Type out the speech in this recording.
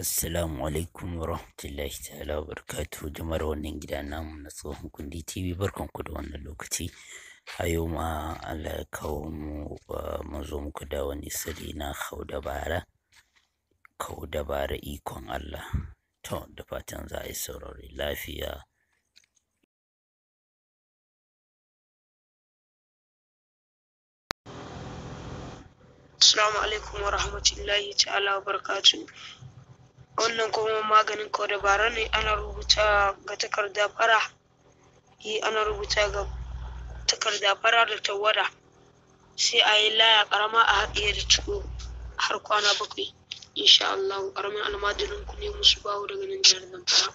Assalamu alaikum wa rahmatullahi ta'ala wa barakatuhu jama'ar wannan gida namu na tsohon kundi TV barkan ku da wannan lokaci a yau ma Allah ya kawo mu mu zo muku da wani sirri na kau dabara kau dabara ikon Allah to da fatan za a yi saurari lafiya Assalamu alaikum wa rahmatullahi ta'ala wa barakatuhu wannan kuma maganin kawai dabara ne ana rubuta ga takarda fara yi eh, ana rubuta ga takarda fara da tawada sai a yi laya karama a haɗiye da ciko har kwana bakwai insha Allah karamin almajirin ku ne musu bawo daga nan jihar Zamfara